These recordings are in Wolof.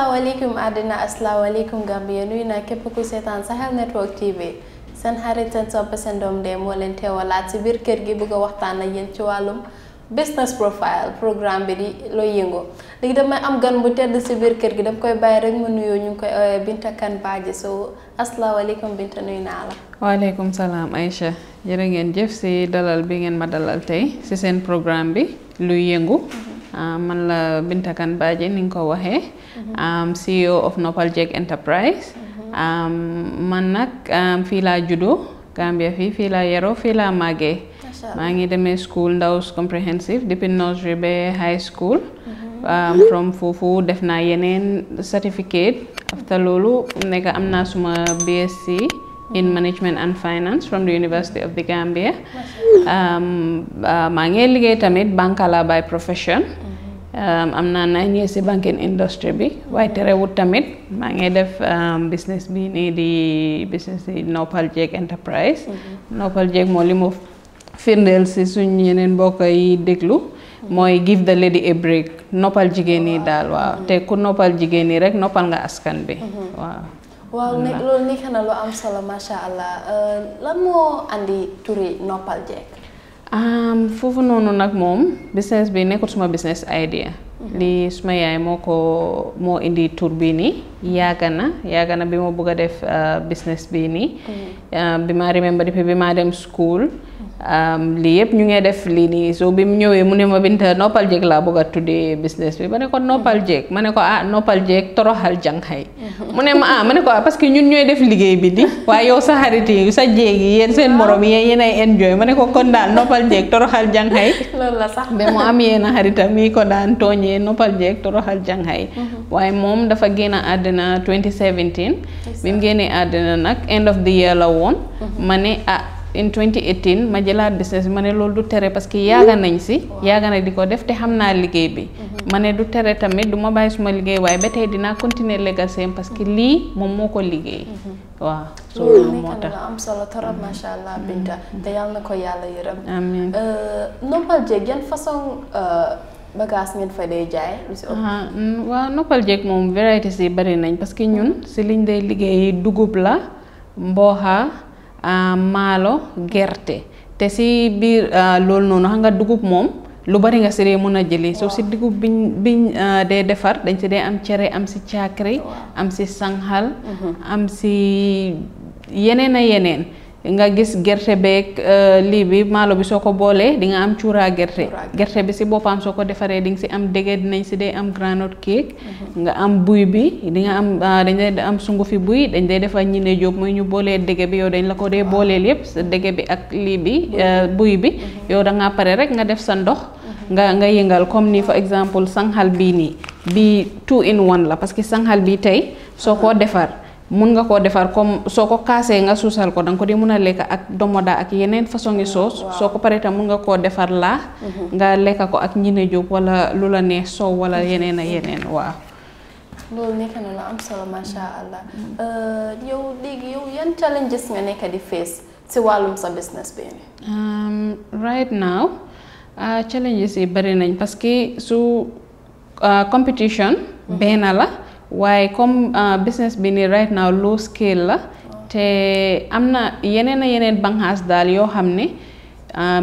asalaamaaleykum àddina asalaamaaleykum Gambia nuyu naa képp ku seetaan Sahel Network TV seen xarit seen sopp seen doom de moo leen teewalaat ci biir kër gi bëgg a waxtaan ak yéen ci wàllum business profile programme bi di looy yëngu léegi damay am gan bu tedd ci biir kër gi dama koy bàyyi rek mu nuyoo ñu ngi koy Binta Kan Badjie so asalaamaaleykum Binta nuyu naa la. waaleykum salaam Aicha jërë ngeen jëf si dalal bi ngeen ma dalal tey si seen programme bi luy yëngu. Mhm. Ah, man la Binta Kane Badjie ni nga ko waxee mhm. um, CEO of Nopal Jeg Enterprise mhm. um, man nag um, fii laa juddoo Gambia fii fii laa yaroo fii laa màggee maa ngi demee school Ndaws comprehensive depuis nursery ba high school mhm. from foofu def naa yeneen certificate after loolu nekk am naa suma BSc in management and finance from the University of the Gambia. Um, uh, maa tamit by profession. Um, am naa nine years si banking industry bi waaye terewut tamit maa def um, business bi nii di business di Nopal Jake Enterprise. Mm-hmm. Nopal Jake moli li mu firndeel si suñ yeneen mbokk yi déglu. Mm-hmm. give the lady a break Nopal jigeni ñi daal waaw mm-hmm. te ku noppal jigéen rek Nopal nga askan bi waaw ne loolu nekk na lu am solo macha allah eh, lan moo andi turi noppal jekk foofu noonu nag moom business bi nekkul suma business idea li suma yaay eh, moko ko indi tour bi ni yagana iya na bima na def eh, business bi ni mm. eh, bima remember depuis bima dem school li yëpp ñu ngi def li ni so bi mu mu ne ma binta nopal jek la buga business bi mané ko nopal mm. jek mané ko ah noppal jéeg toroxal jànxay mu mm. ne ma ah mané ko ah parce que ñun ñoy def liggéey bi di waaye yow sa xarit yu sa jéeg yeen seen iya. morom yeen yéen enjoy mané ko kon jek noppal jéeg toroxal jànxay lool la sax ba mu am yéen a ko daan tooñee yee noppal jeeg toroxal jànxay mm-hmm. waaye moom dafa génn àddina 2017 bi mu génnee àddina nag end of the year la woon mm-hmm. ma ne ah in 2018 ma jëlaat business bi ma ne lool du tere parce que yaaga nañ si yaaga na di ko def te xam naa liggéey bi mm-hmm. ma ne du tere tamit du ma bàyyi suma liggéey waaye ba tey dinaa continuer legacy parce que lii moom moo ko liggéey waaw so loolu moo tax am solo torop te yàlla ko yàlla yërëm amiin euh, bagage ngeen fa day jaay lu ci ëpp mm, wa nopal jek mom variétés yi bari nañ parce que ñun ci liñ day liggéey dugub la mboha ah, gerte te bir biir ah, loolu noonu xam nga dugub mom lu bari nga séré mëna jëlé so si dugub biñ biñ ah, dé defar dañ si dé am ciéré am si ciakri am si sanghal mhm. am si yenen na yenen nga gis gerte beeg euh, lii bi maalo bi soo ko boolee di nga am cuuraa gerte gerte bi si boppam soo ko defaree di nga si am dege nañ si day am granite cake mhm. nga am buy bi di nga am ah, dañ dee am sungufi buy dañ dee defar ñine jóob mooy ñu boolee dege bi yow dañ la ko dee booleel yépp sa dege bi ak lii bi buy bi euh, mhm. yow da ngaa pare rek nga def sa ndox mhm. nga nga yëngal comme ni for exemple sanxal bii nii bi two in one la parce que sanxal bii tey soo koo defar mun nga ko defar comme soko ko nga sousal ko dang ko di mun a ak domoda ak yenen façon ngi sauce soko paré tam mun nga ko defar la mhm. nga lekk ko ak ñine jóg wala lula la so wala yenen a yenen wa lool nekk na la am solo sha allah mhm. euh, yow léegi yow yan challenges nga nekk di face ci walum sa business bi um, right now uh, challenges yi bari nañ parce que su uh, competition mhm. benn la way comme uh, business bi ni right now low scale la te amna na yenen banhas has yo xamné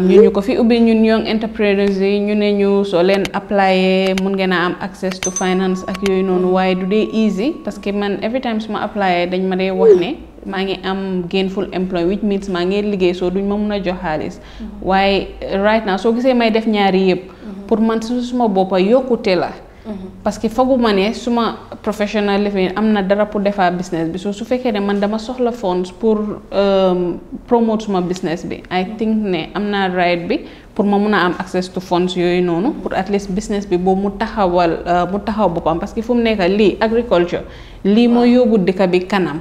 ne uh, ñu ñu ko fi ubbi ñun ñong entrepreneurs yi ñu né ñu so len applyé mun ngeen am access to finance ak yoy non way du dé easy parce que man every time suma apply, applyé dañ ma dé wax ne ma ngi am gainful employ which means ma ngi liggéey so duñ ma mun jox xaalis mm-hmm. way right now so gisé may def ñaari yépp mm-hmm. pour man suma boppa yokuté la Mhm. parce que fooguma ne suma professionnel life am na dara pour defar business bi so su fekkee ne man dama soxla fonds pour euh, promote suma business bi I think ne am na right bi pour ma mun a am access to fonds yooyu noonu pour at least business bi boobu mu taxawal euh, mu taxaw boppam parce que fu mu nekk lii agriculture lii moo yóbbu dëkk bi kanam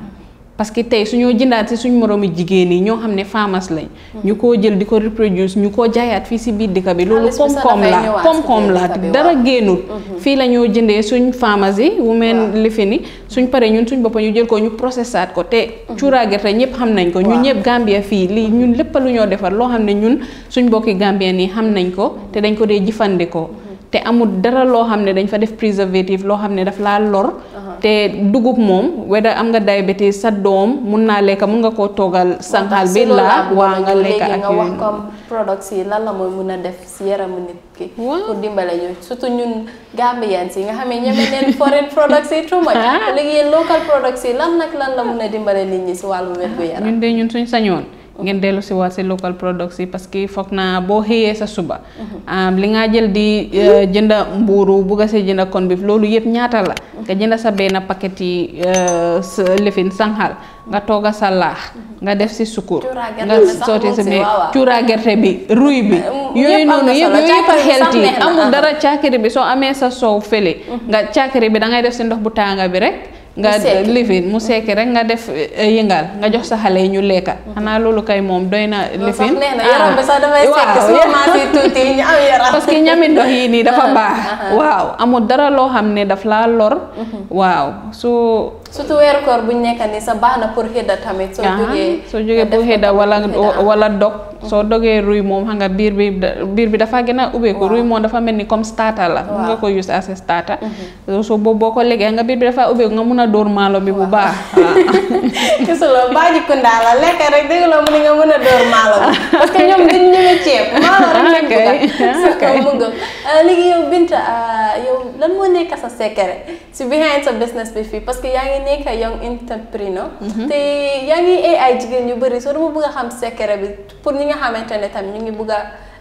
parce que tey suñoo jëndaat si suñ moroomi jigéen yi ñoo xam ne faamas lañ hmm. ñu koo jël di ko reproduce ñu koo jaayaat fii si biir dëkk bi ah, loolu koom-koom la koom-koom la dara génnul hmm. fii la ñoo jëndee suñ famas yi wu meen lifi ni suñ paree ñun suñ boppa ñu jël ko ñu processaat ko te hmm. cuuraa gerte ñëpp xam nañ ko ñun ñëpp Gambia fii lii ñun lépp lu ñoo defar loo xam ne ñun suñ mbokki Gambien nii xam nañ ko te dañ ko dee jëfandikoo te amul dara loo xam ne dañ fa def préservatif loo xam ne daf laa lor. Uh-huh. te dugub moom weda am nga diabète sa doom mun naa lekk mun nga koo toogal. sànqal bi laa waa nga lekk ak nga wax comme products yi lan la mooy mun a def si yaramu nit ki. waaw dimbale ñu surtout ñun Gambians yi nga xam ne ñeme neen too much. Ah. léegi yéen local products yi lan nag lan la mun a dimbale nit ñi si wàllu wér gu yaram. ñun de ñun suñ sañoon. ngeen dellu si waat si local products yi parce que foog naa boo xëyee sa suba. li nga jël di euh, jënda mbuuru bugga see jënda kon bi loolu yëpp ñaata la. nga jënda sa benn paquet yi euh, sa lifin sanxal nga tooga sa laax. nga def si sukkur. nga sotti si mais cuuraa gerte bi ruy bi. yooyu noonu yëpp yooyu yëpp a healthy amul dara caakiri bi soo amee sa soow fële. nga caakiri bi da ngay def si ndox bu tànga bi rek. nga livin mu sekki rek nga def eh, yëngal nga jox sa xale yi ñu lekka mhm. xanaa loolu kay moom doy na livin ah, parce que ñami ndox yi nii dafa baax waaw amul dara loo xam ne daf laa lor mhm. waaw su surtout weeru koor kan bu nekk ni sa baxna pour hedda tamit. so jógee so jógee pour hedda wala wala dog. so dogee ruy mom ha nga bir bi bir bi dafa gëna ubé ko ruy mom dafa melni comme starter la. nga ko use as a starter. Mhm. so boobu boo nga bir bi dafa ubé nga mëna dor malo bi bu baax. waaw gis baaji ko ndala lekk rek deug lo mëni nga mëna dor malo parce que ñom ci malo rek ko eh, yow Binta eh, yow lan mo nekk sa secret si behind sa business bi fi parce que ya nga nekk young entrepreneur. Mhm. te yaa ngi ay jigéen yu bëri soo dama bëgg a xam secret bi pour ñi nga xamante ne tam ñu ngi bëgg a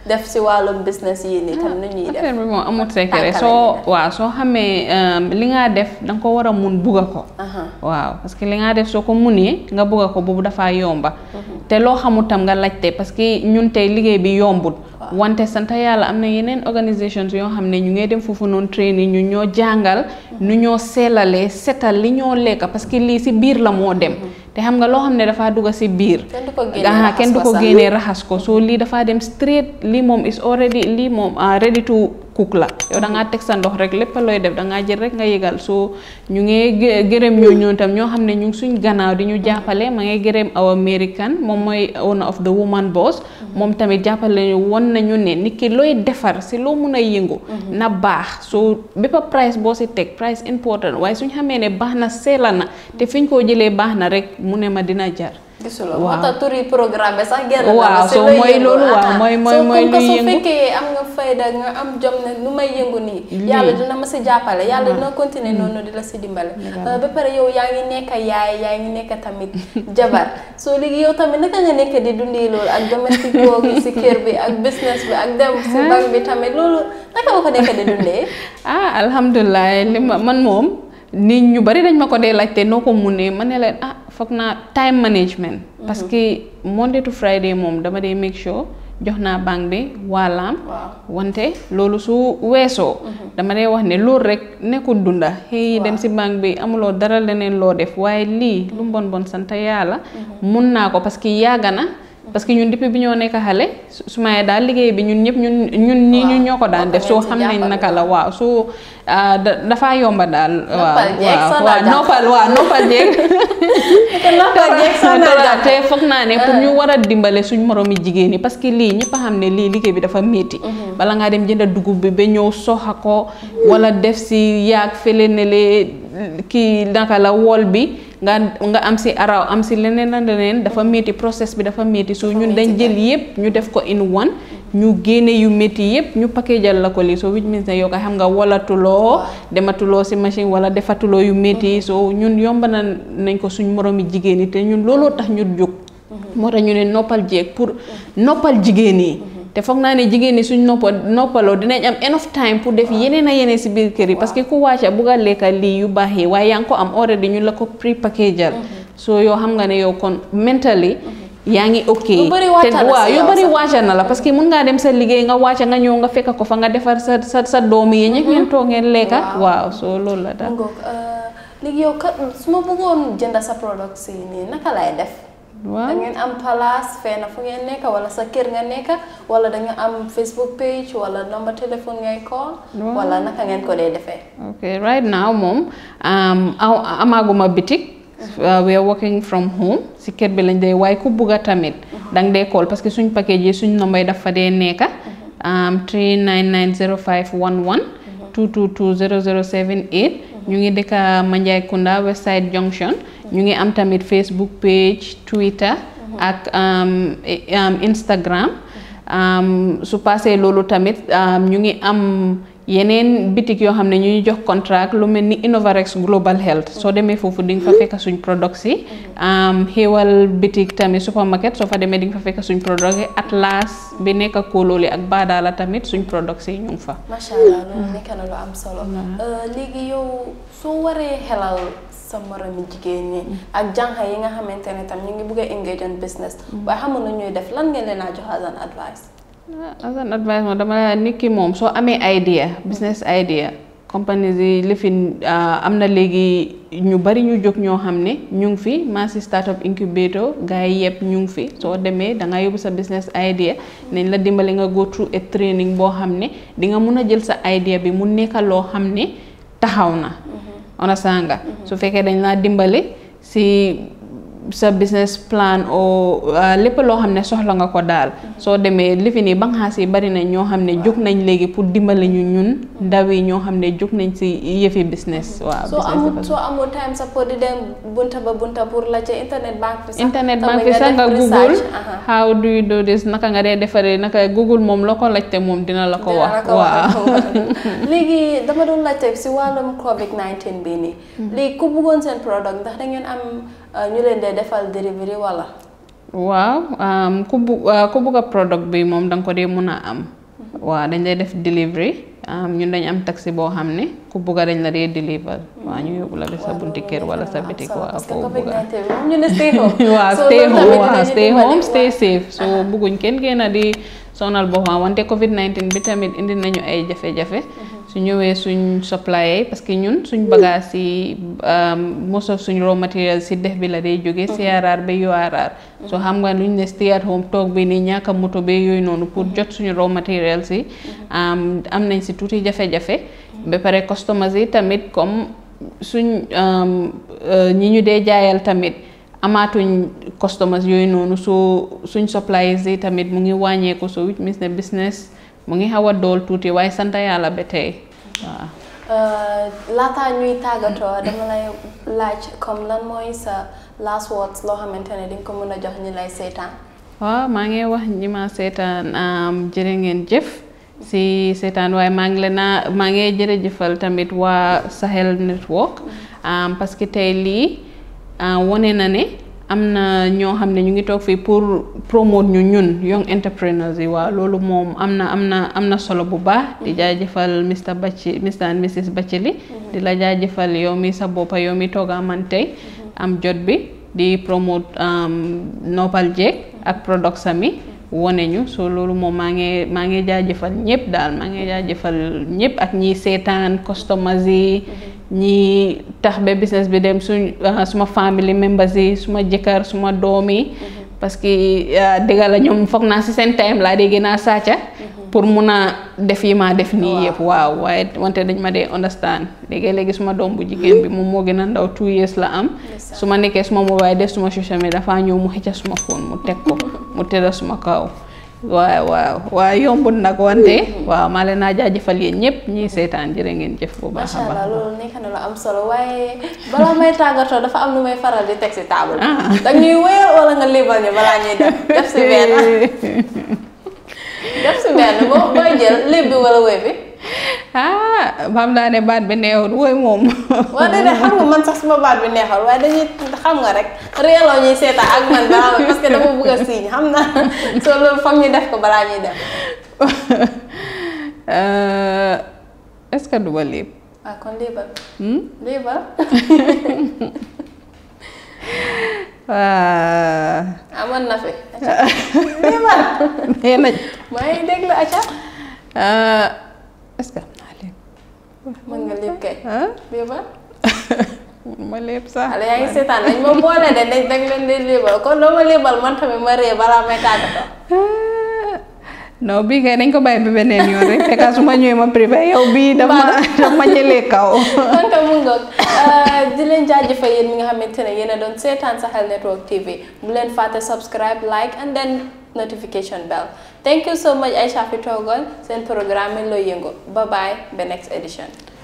def si wàllum business yi nii tam ah, nu def. soo waaw soo xamee euh, li ngaa def da ko war a mun bugg a ko. waaw parce que li ngaa def soo ko munee nga bugg a ko boobu dafaa yomba. Mhm. te loo xamul tam nga laajte parce que ñun tey liggéey bi yombul. wante sant yàlla am na yeneen organisations yoo xam ne ñu ngay dem foofu noonu training ñu ñoo jàngal nu ñoo seelalee setal li ñoo lekka parce que lii si biir la moo dem mm-hmm. te xam nga loo xam ne dafaa dugg si biir aha kenn du ko génnee raxas ko soo lii dafaa dem straight lii moom is already lii moom ah, ready to cook la yow da teg sa ndox rek lépp looy def da jël rek nga yëgal soo ñu ngi gërëm ñoo ñoon tam ñoo xam ne ñu ngi suñ gannaaw di ñu jàppale ma ngi gërëm aw American moom mooy one of the woman boss moom tamit jàppale ñu won nañu ne nit ki looy defar si loo mun a yëngu na baax soo béppa price boo si teg price important waaye suñ xamee ne baax na seela na te fi ñu koo jëlee baax na rek mu ne ma dina jar gisuloo moo tax tur yi programme sax genn waaw soo mooy loolu waaw mooy mooy mooy luy yëngu su fekkee am nga am jom ne may yëngu nii yàlla dina ma si jàppale yàlla dina continuer noonu di la si dimbale ba pare yow yaa ngi nekk yaay yaa ngi nekk tamit jabar soo léegi yow tamit naka nga nekk di dundee loolu ak domestique si kër bi ak business bi ak dem si banque bi tamit loolu naka nga ko nekk di dundee ah alhamdulilah li ma man moom nit ñu bari dañ ma ko dee laajte noo ko munee ma ne leen ah foog naa time management. Mm-hmm. parce que Monday to Friday moom dama dee make sure jox naa banque bi waalaam. wante loolu su weesoo. Mm-hmm. dama dee wax ne loolu rek nekkul dunda. xëy dem si banque bi amuloo dara leneen loo def waaye lii lu mbon bon sant yàlla. Mm-hmm. mun naa ko parce que yàgg na. parce que ñun depuis bi ñoo nekk xale su maye daal liggéey bi ñun ñëpp ñun ñun ñii ñu ñoo ko daan def soo xam ne naka la waaw soo ah, dafa yomba daal waaw waaw noppal waaw noppal jeeg te foog naa ne pour eh. ñu war a dimbale suñ moromi jigéen yi parce que lii ñëpp xam ne lii liggéey bi dafa métti mhm. bala ngaa dem jënd dugub bi ba ñëw soxa ko wala def si yaag fele ne le kii naka la wol bi nga nga am si araw am si leneen na leneen dafa métti process bi dafa métti soo ñun dañ jël yëpp ñu def ko in one ñu génne yu métti yëpp ñu package-al la ko lii so which means ne xam nga walatuloo dematuloo si machine wala defatuloo yu métti so ñun yomba na nañ ko suñ moroomi jigéen yi te ñun looloo tax ñu jóg mm-hmm. moo tax ñu ne noppal jeeg pour noppal jigéen yi te foog naa ne jigéen ñi suñ noppa noppaloo dinañ am enough time pour def yeneen a yeneen si biir kër yi parce que ku wàcca bugg a lekka lii yu baax yi waaye yaa ngi ko am already ñu la ko prepackageal mhm. so yoo xam nga ne yow kon mentally mhm. yaa ngi ok te waaw yu bëri wàcca na la parce que mun ngaa dem sa liggéey nga wàcca nga ñëw nga fekk ko fa nga defar sa sa sa doom yi ñëpp ngeen mhm. toog ngeen lekka waaw so loolu la daal euh, léegi yow su ma bëggoon jënd sa product si nii naka lay def waaw da ngeen am place fenn fu ngeen nekk wala sa kër nga nekk wala da nga am Facebook page wala number téléphone ngay call. wala naka ngeen ko dee defee. ok right now moom um, amaaguma bitik. Mhm. Uh, we are working from home si kër bi lañ dee waaye ku bugga tamit. Mhm. dang dee call parce que suñ package yi suñ number yi dafa dee nekk. 399 0511. 222 0078. ñu ngi dëkk Mandiaykunda West Side Junction ñu ngi am tamit Facebook page Twitter ak um, um, Instagram um, su pasee loolu tamit ñu ngi am yeneen bitik yoo xam ne ñu jox contract lu mel ni Innovarex Global Health soo demee foofu di nga fa fekk suñ product si xéewal bitik tamit supermarket soo fa demee di nga fa fekk suñ product yi Atlas bi nekk kóolooli ak Baadaala tamit suñ product si ñu fa. macha allah loolu mm. nekk na lu am solo. Euh, léegi yow soo waree xelal sa moromi jigéen ñi mm. ak jànq yi nga xamante ne tam ñu ngi bëgg a engage in business mm. waaye xamul na ñuy def lan ngeen leen a jox as an as an advice moom dama la nit ki moom soo amee idea business idea companies yi li fi ah, am na léegi ñu bari ñu jóg ñoo xam ne ñu ngi fi maasi startup incubator gars yi yëpp ñu ngi fi soo demee da nga yóbbu sa business idea nañ la dimbali nga go through training boo xam ne di nga mun a jël sa idea bi mu nekka loo xam ne taxaw na. on mm-hmm. sanga mm-hmm. su fekkee dañ laa dimbali si. sa business plan o uh, lépp loo xam ne soxla nga ko daal soo demee li yi nii banxaas yi bari na ñoo xam ne jóg nañ léegi pour dimbali ñu ñun ndaw yi ñoo xam ne jóg nañ si yëfi business waaw soo amul soo amul time sax pour di dem bunta ba bunta pour la ca internet bank bi sax internet bank nga google how do you do naka nga dee defaree naka google moom la ko laajte moom dina la ko wax waaw léegi dama doon laajte si wàllum covid 19 bi nii hmm. léegi ku bëggoon seen product ndax Ah, ñu leen dee defal delivery wala. waaw ku bu ah, ku bugg product bi moom da nga ko dee mun a am. waaw dañ lay def delivery ñun dañ am taxi boo xam ne ku bugg dañ la dee deliver waaw ñu yóbbu la ba sa bunti kër wala sa bitik waaw ko bugg ñu stay home. waaw stay home waaw stay home stay safe so bugguñ kenn génn di sonal boppam wante Covid 19 bi tamit indi nañu ay jafe-jafe. Mhm. su ñëwee suñ supplier parce que ñun suñ bagage yi um, most of suñ raw material si def bi la day jógee mhm. CRR ba URR soo mhm. xam nga luñ ne stay at home toog bi ni ñàkk moto ba yooyu noonu pour mhm. jot suñu raw material si um, am nañ si tuuti jafe-jafe ba pare customers yi tamit comme suñ um, uh, ñi ñu dee jaayal tamit amaatuñ customers yooyu noonu soo suñ suppliers yi tamit mu ngi wàññeeku so which means ne business mu ngi xaw a dool tuuti waaye sant yàlla ba tey waaw. Euh, laataa ñuy tàggatoo dama lay laaj comme lan mooy sa last words loo xamante ne di nga ko mën a jox ñi lay seetaan. waaw maa ngi wax ñi ma seetaan um, jërë ngeen jëf si seetaan waaye maa ngi leen maa ngi jërëjëfal tamit waa Sahel Network mm-hmm. um, parce que tey lii um, wone na ne. am na ñoo xam ne ñu ngi toog fii pour promote ñu ñun young entrepreneurs yi waaw loolu moom am na am na am na solo bu baax. di mm-hmm. jaajëfal Mr Bachi Mr and Mrs Bachili. Mm-hmm. di la jaajëfal yow mi sa boppa yow mi toog a man mm-hmm. am jot bi di promote nopal jeeg ak product sami wone ñu soo loolu moom maa ngi maa ngi jaajëfal ñëpp daal maa ngi jaajëfal ñëpp ak ñi seetaan customers yi ñi tax ba business bi dem su ah, suma family members yi suma jëkkër suma doom yi mhm. parce que ah, dëgg la ñoom foog naa si seen time laa dee gën a sàcca mhm. pour muna def yi ma def ni yëpp waaw waaye wante dañ ma dee understand léegi léegi suma doom bu jigéen hmm? bi moom moo gën a ndaw two years la am suma ma nekkee suma mobile def suma social media dafa ñëw mu xëcca suma phone mu teg ko mu tëdda suma kaw waaw waaw waaw yombu nag wante hmm. waaw ma leen naa jaajëfal yéen ñëpp ñiy seetaan jërë ngeen jëf bu baax a baax macha loolu nekk na lu am solo waaye balaa may tàggatoo dafa am lu may faral di teg si table. Ah. da ñuy wéyal wala nga lébal ñu balaa ñuy def def si benn def si benn boo booy jël wala bi ah xam naa ne baat bi neexul wooy moom. waaw déedéet xam nga man sax suma baat bi neexul waaye dañuy xam nga rek réeloo ñuy seetaan ak man ba parce que dama bëgg a xam naa soo loolu foog ñu def ko balaa ñuy def. Euh, est-ce que ah kon hmm? na fi. ما يدق لا عشان استلم عليك من قال لي ها بيبا ma lépp sax xale yaa ngi seetaan dañ ma boole de dañ dañ leen di lébal kon loo ma lébal man tamit ma kay nañ ko bàyyi ba beneen yoon rek fekk su ma ñëwee ma privé yow bii daf ma daf kaw. kon mu di leen mi nga a doon Network TV bu leen subscribe like and then. notification bell. Thank you so much Aisha Fitogon, send programming lo yengo. Bye bye, the next edition.